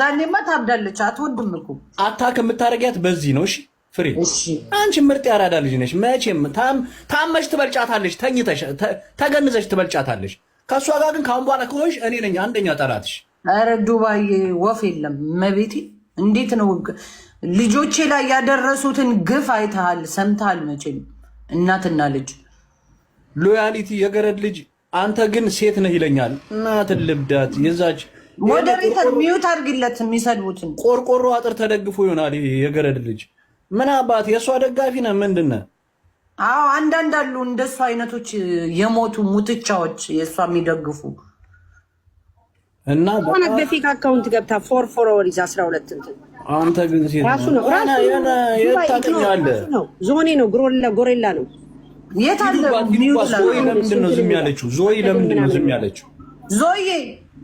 ዛኔማ ታብዳለች። አትወድም እኮ አታክ የምታደርጊያት በዚህ ነው። እሺ ፍሬ፣ አንቺ ምርጥ ያራዳ ልጅ ነሽ። መቼም ታም ታመሽ ትበልጫታለሽ፣ ተኝተሽ ተገንዘሽ ትበልጫታለሽ። ከእሷ ጋር ግን ከአሁን በኋላ ከሆንሽ እኔ ነኝ አንደኛ ጠላትሽ። ኧረ ዱባይ ወፍ የለም መቤቴ። እንዴት ነው ልጆቼ ላይ ያደረሱትን ግፍ አይተሃል፣ ሰምተሃል። መቼም እናትና ልጅ ሎያሊቲ የገረድ ልጅ አንተ ግን ሴት ነህ ይለኛል። እናትን ልብዳት የዛች ሞዴሬተር ሚዩት አድርግለት። የሚሰድቡትን ቆርቆሮ አጥር ተደግፎ ይሆናል የገረድ ልጅ። ምን አባት የእሷ ደጋፊ ነ ምንድነ? አዎ አንዳንድ አሉ እንደሱ አይነቶች የሞቱ ሙትቻዎች የእሷ የሚደግፉ እና ሆነ በፊክ አካውንት ገብታ ፎር ፎር ወሪዝ አስራ ሁለት አንተ ግን ሴት ራሱ ነው ራሱ ነው ዞኔ ነው ጎሬላ ጎሬላ ነው። የት አለ? ዞይ ለምንድን ነው ዝም ያለችው? ዞይ ለምንድን ነው ዝም ያለችው? ዞዬ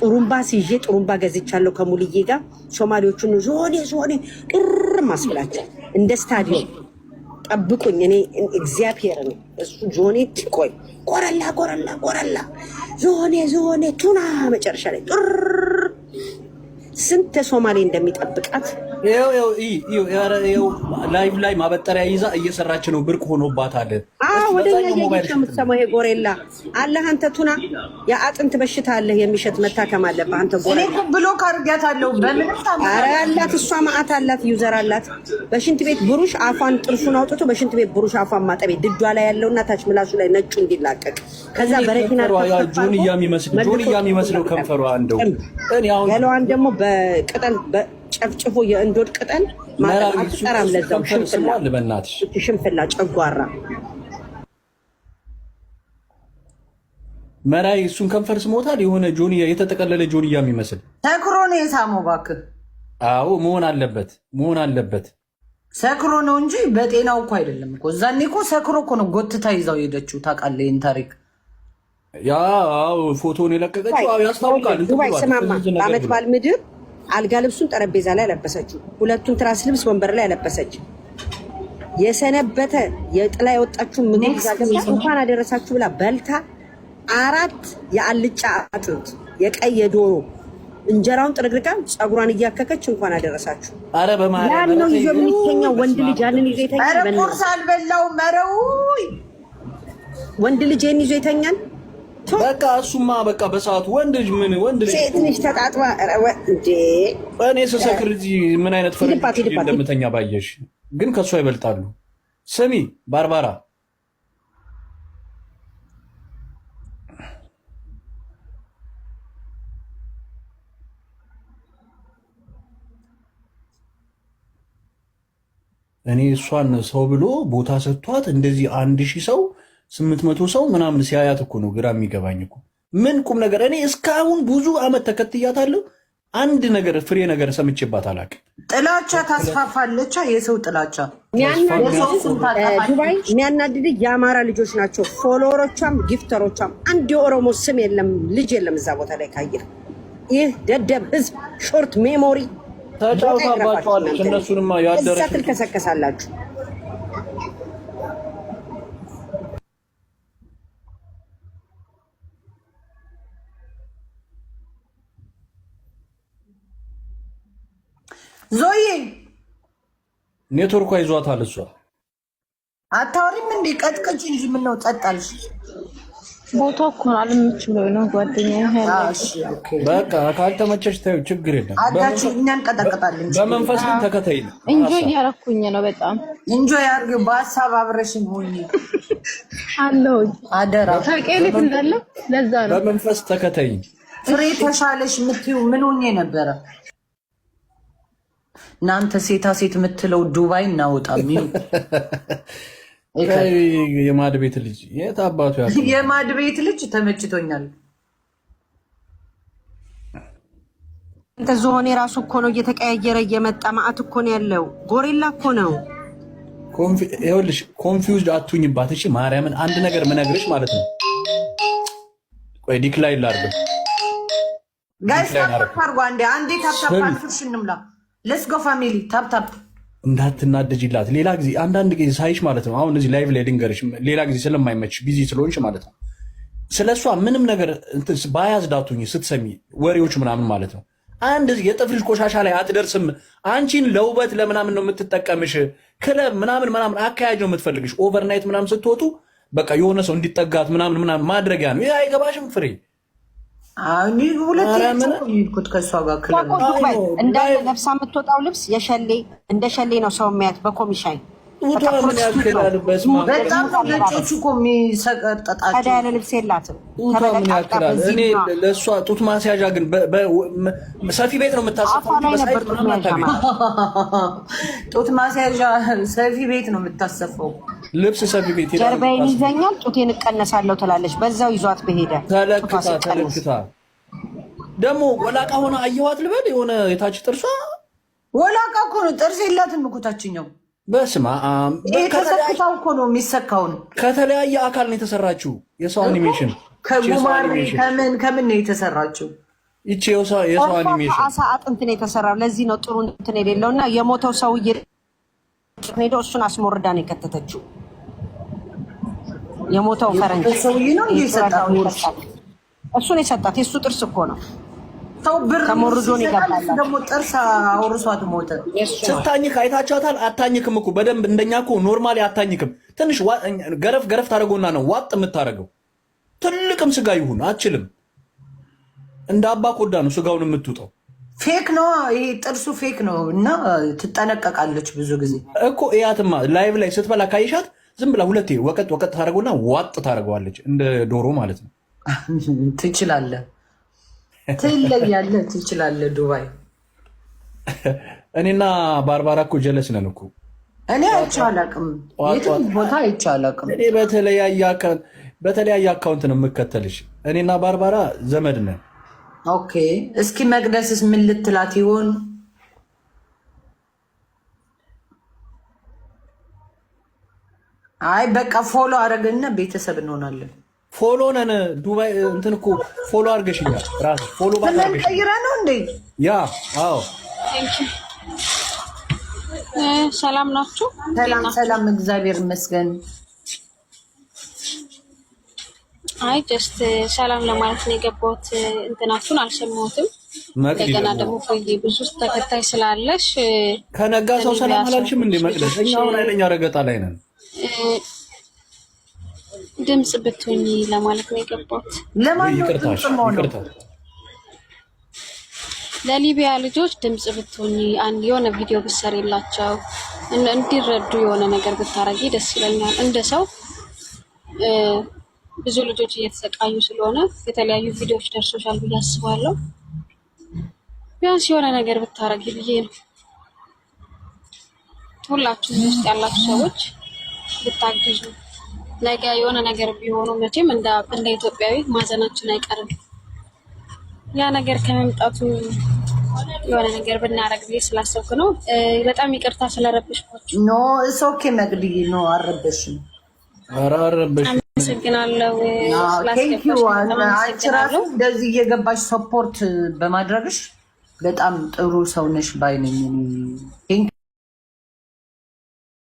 ጥሩምባ ሲዤ ጥሩምባ ገዝቻለሁ ከሙልዬ ጋር ሶማሌዎቹን ዞኔ ዞኔ ቅር ማስብላቸው እንደ ስታዲዮም ጠብቁኝ። እኔ እግዚአብሔር ነው እሱ ዞኔ ቆይ ቆረላ ቆረላ ቆረላ ዞኔ ዞኔ ቱና መጨረሻ ላይ ጥር ስንት ሶማሌ እንደሚጠብቃት ይኸው ይኸው ይኸው ይኸው ላይቭ ላይ ማበጠሪያ ይዛ እየሰራች ነው። ብርቅ ሆኖባታል። ወደ እኛ እየሄድሽ የምትሰማው ጎሬላ አለህ አንተ ቱና የአጥንት በሽታ አለህ የሚሸት መታከም አለብህ አንተ ጎሬላ። ብሎክ አድርጊያታለሁ። ኧረ ያላት እሷ ማዕት አላት፣ ዩዘር አላት። በሽንት ቤት ብሩሽ አፏን ጥርሱን አውጥቶ በሽንት ቤት ብሩሽ አፏን ማጠቤ ድዷ ላይ ያለውና ታች ምላሱ ላይ ነጩ እንዲላቀቅ ከዛ በረኪና ጆንያ የሚመስለው ከንፈሯ እንደው ገለዋን ደግሞ በቅጠል ጨፍጭፎ የእንዶድ ቅጠል ማጠራም ለዛው ሽንፍላ ጨጓራ መራይ እሱን ከንፈር ስሞታል። የሆነ ጆንያ የተጠቀለለ ጆንያ የሚመስል ሰክሮ ነው የሳሞ እባክህ አዎ፣ መሆን አለበት መሆን አለበት። ሰክሮ ነው እንጂ በጤናው እኮ አይደለም እኮ። እዛኔ እኮ ሰክሮ እኮ ነው ጎትታ ይዛው ሄደችው። ታውቃለህ ይህን ታሪክ ያው ፎቶን የለቀቀችው ያስታውቃል። ስማማ በአመት በዓል ምድር አልጋ ልብሱን ጠረጴዛ ላይ አለበሰችው። ሁለቱን ትራስ ልብስ ወንበር ላይ አለበሰች። የሰነበተ የጥላ የወጣችሁን ምግብ እንኳን አደረሳችሁ ብላ በልታ አራት የአልጫ አጥንት የቀይ የዶሮ እንጀራውን ጥርግርጋ ፀጉሯን እያከከች እንኳን አደረሳችሁ። አረ በማርያም ነው ይዞ የሚተኛው ወንድ ልጅ ያንን ይዞ ይተኛል። ቁርስ አልበላውም። ኧረ ውይ ወንድ ልጅ ይህን ይዞ ይተኛል። በቃ እሱማ በቃ በሰዓቱ ወንድ ልጅ ምን ወንድ ልጅ ሴት ትንሽ ተጣጥባ እንዴ! እኔ ስሰክር እዚህ ምን አይነት ፈረንጅ እንደምተኛ ባየሽ፣ ግን ከእሷ ይበልጣሉ። ስሚ ባርባራ፣ እኔ እሷን ሰው ብሎ ቦታ ሰጥቷት እንደዚህ አንድ ሺህ ሰው ስምንት መቶ ሰው ምናምን ሲያያት እኮ ነው ግራ የሚገባኝ እኮ ምን ቁም ነገር እኔ እስካሁን ብዙ አመት ተከትያታለሁ። አንድ ነገር ፍሬ ነገር ሰምቼባት አላውቅም። ጥላቻ ታስፋፋለቻ የሰው ጥላቻ ዱባይ የሚያናድድ የአማራ ልጆች ናቸው። ፎሎወሮቿም ጊፍተሮቿም አንድ የኦሮሞ ስም የለም ልጅ የለም እዛ ቦታ ላይ ካየህ ይህ ደደብ ህዝብ ሾርት ሜሞሪ ተጫውታባቸዋለች። እነሱንማ ያደረ ትልከሰከሳላችሁ ዞዬ ኔትወርኳ ይዟታል። እሷ አታወሪም እንዴ? ቀጥቅጭ እንጂ ምነው ጸጥ አልሽ? ቦታው እኮ ነው ብለው ነው ጓደኛዬ። በቃ ካልተመቸሽ ተይው፣ ችግር የለም። አዳችሁ እኛን ቀጠቀጣለን። በመንፈስ ግን ተከታይ ነው። እንጆ እያረኩኝ ነው። በጣም እንጆ ያርግ። በሀሳብ አብረሽኝ ሆኝ አለሁ። አደራ ታውቂያለሽ እንዳለ ለዛ ነው። በመንፈስ ተከታይ ፍሬ ተሻለሽ የምትይው ምን ሆኜ ነበረ እናንተ ሴታ ሴት የምትለው ዱባይ እናወጣ የሚሉ የማድ ቤት ልጅ የት አባቱ የማድ ቤት ልጅ ተመችቶኛል። አንተ ዝሆኔ ራሱ እኮ ነው እየተቀያየረ እየመጣ ማአት እኮ ነው ያለው። ጎሪላ እኮ ነው። ይኸውልሽ ኮንፊውዝድ አትሁኝባት እሺ። ማርያምን አንድ ነገር ምነግርሽ ማለት ነው። ቆይ ዲክላይን ላድርግ ጋይስ፣ ታርጓ እንዴ አንዴ ታታፓ እንምላ ለስጎ ፋሚሊ ታፕታፕ እንዳትናደጅላት ሌላ ጊዜ አንዳንድ ጊዜ ሳይሽ ማለት ነው። አሁን እዚህ ላይቭ ላይ ልንገርሽ፣ ሌላ ጊዜ ስለማይመች ቢዚ ስለሆንሽ ማለት ነው። ስለ እሷ ምንም ነገር ባያዝ ዳቱኝ ስትሰሚ ወሬዎች ምናምን ማለት ነው። አንድ የጥፍርሽ ቆሻሻ ላይ አትደርስም። አንቺን ለውበት ለምናምን ነው የምትጠቀምሽ። ክለብ ምናምን ምናምን አካያጅ ነው የምትፈልግሽ። ኦቨርናይት ምናምን ስትወጡ በቃ የሆነ ሰው እንዲጠጋት ምናምን ምናምን ማድረጊያ ነው። ይህ አይገባሽም ፍሬ ሁለት ከእሷ ጋር ክለብ እንዳለ ለብሳ የምትወጣው ልብስ የሸሌ እንደ ሸሌ ነው ሰው የሚያት በኮሚሻይ ውዷ ምን ያክላል? በጣም ነው ነጮቹ እኮ የሚሰቀጠጣቸው። ታዲያ ያለ ልብስ የላትም። ውዷ ምን ያክላል? እኔ ለእሷ ጡት ማስያዣ ግን ሰፊ ቤት ነው የምታሰፋው። ጡት ማስያዣ ሰፊ ቤት ነው የምታሰፋው። ልብስ ሰፊ ቤት ጀርባዬን ይዘኛል፣ ጡቴን እቀነሳለሁ ትላለች። በዛው ይዟት በሄደ ተለክታ ተለክታ ደግሞ ወላቃ ሆነ አየኋት ልበል የሆነ የታች ጥርሷ ወላቃ እኮ ነው። ጥርስ የላትም እኮ ታችኛው በስማ ተሰክታው እኮ ነው የሚሰካውን። ከተለያየ አካል ነው የተሰራችው። የሰው አኒሜሽን ከጉማሬ ከምን ከምን ነው የተሰራችው? ይቺ የሰው አኒሜሽን አሳ አጥንት ነው የተሰራው። ለዚህ ነው ጥሩ እንትን የሌለው እና የሞተው ሰውዬ ሄዶ እሱን አስሞርዳ ነው የከተተችው። የሞተው ፈረንጅ ሰውዬ ነው እሱን የሰጣት። የእሱ ጥርስ እኮ ነው ተው ብር ተሞርዶን ይገባል። ደግሞ ጥርስ አውርሷት ሞተ። ስታኝክ አይታችኋታል። አታኝክም እኮ በደንብ እንደኛ እኮ ኖርማሊ አታኝክም። ትንሽ ገረፍ ገረፍ ታደርገውና ነው ዋጥ የምታደርገው። ትልቅም ስጋ ይሁን አችልም። እንደ አባ ቆዳ ነው ስጋውን የምትውጠው። ፌክ ነው ይሄ ጥርሱ ፌክ ነው እና ትጠነቀቃለች። ብዙ ጊዜ እኮ እያትማ ላይቭ ላይ ስትበላ ካይሻት ዝም ብላ ሁለቴ ወቀጥ ወቀጥ ታደርገውና ዋጥ ታደርገዋለች። እንደ ዶሮ ማለት ነው። ትችላለህ ትለያለህ ትችላለህ። ዱባይ እኔና ባርባራ እኮ ጀለስ ነን እኮ እኔ አይቼው አላውቅም፣ የትም ቦታ አይቼው አላውቅም። እኔ በተለያየ አካውንት ነው የምከተልሽ። እኔና ባርባራ ዘመድ ነን። ኦኬ እስኪ መቅደስስ ምን ልትላት ይሆን? አይ በቃ ፎሎ አረግና ቤተሰብ እንሆናለን። ፎሎ ነን ዱባይ እንትን እኮ ፎሎ አድርገሽኛል። ራስ ፎሎ ባታርገሽ ነው እንዴ? ያ አዎ። ሰላም ናችሁ? ሰላም ሰላም፣ እግዚአብሔር ይመስገን። አይ ጀስት ሰላም ለማለት ነው የገባሁት። እንትናችሁን አልሰማሁትም። እንደገና ደግሞ ቆይ ብዙ ተከታይ ስላለሽ ከነጋ ሰው ሰላም አላልሽም እንዴ? መቅደስ እኛ አሁን ረገጣ ላይ ነን ድምፅ ብትሆኝ ለማለት ነው የገባት። ለሊቢያ ልጆች ድምፅ ብትሆኝ የሆነ ቪዲዮ ብሰር እንዲረዱ የሆነ ነገር ብታረጊ ደስ ይለኛል። እንደ ሰው ብዙ ልጆች እየተሰቃዩ ስለሆነ የተለያዩ ቪዲዮዎች ደርሶሻል ብዬ አስባለሁ። ቢያንስ የሆነ ነገር ብታረጊ ብዬ ነው። ሁላችሁም ውስጥ ያላችሁ ሰዎች ብታግዙ ነገ የሆነ ነገር ቢሆኑ መቼም እንደ እንደ ኢትዮጵያዊ ማዘናችን አይቀርም። ያ ነገር ከመምጣቱ የሆነ ነገር ብናረግ ጊዜ ስላሰብኩ ነው። በጣም ይቅርታ ስለረበሽኳቸው። ኖ እስ ኦኬ መቅድዬ፣ ኖ አረበሽም፣ አመሰግናለሁ። አንቺ እንደዚህ እየገባሽ ሰፖርት በማድረግሽ በጣም ጥሩ ሰውነሽ ባይነኝ።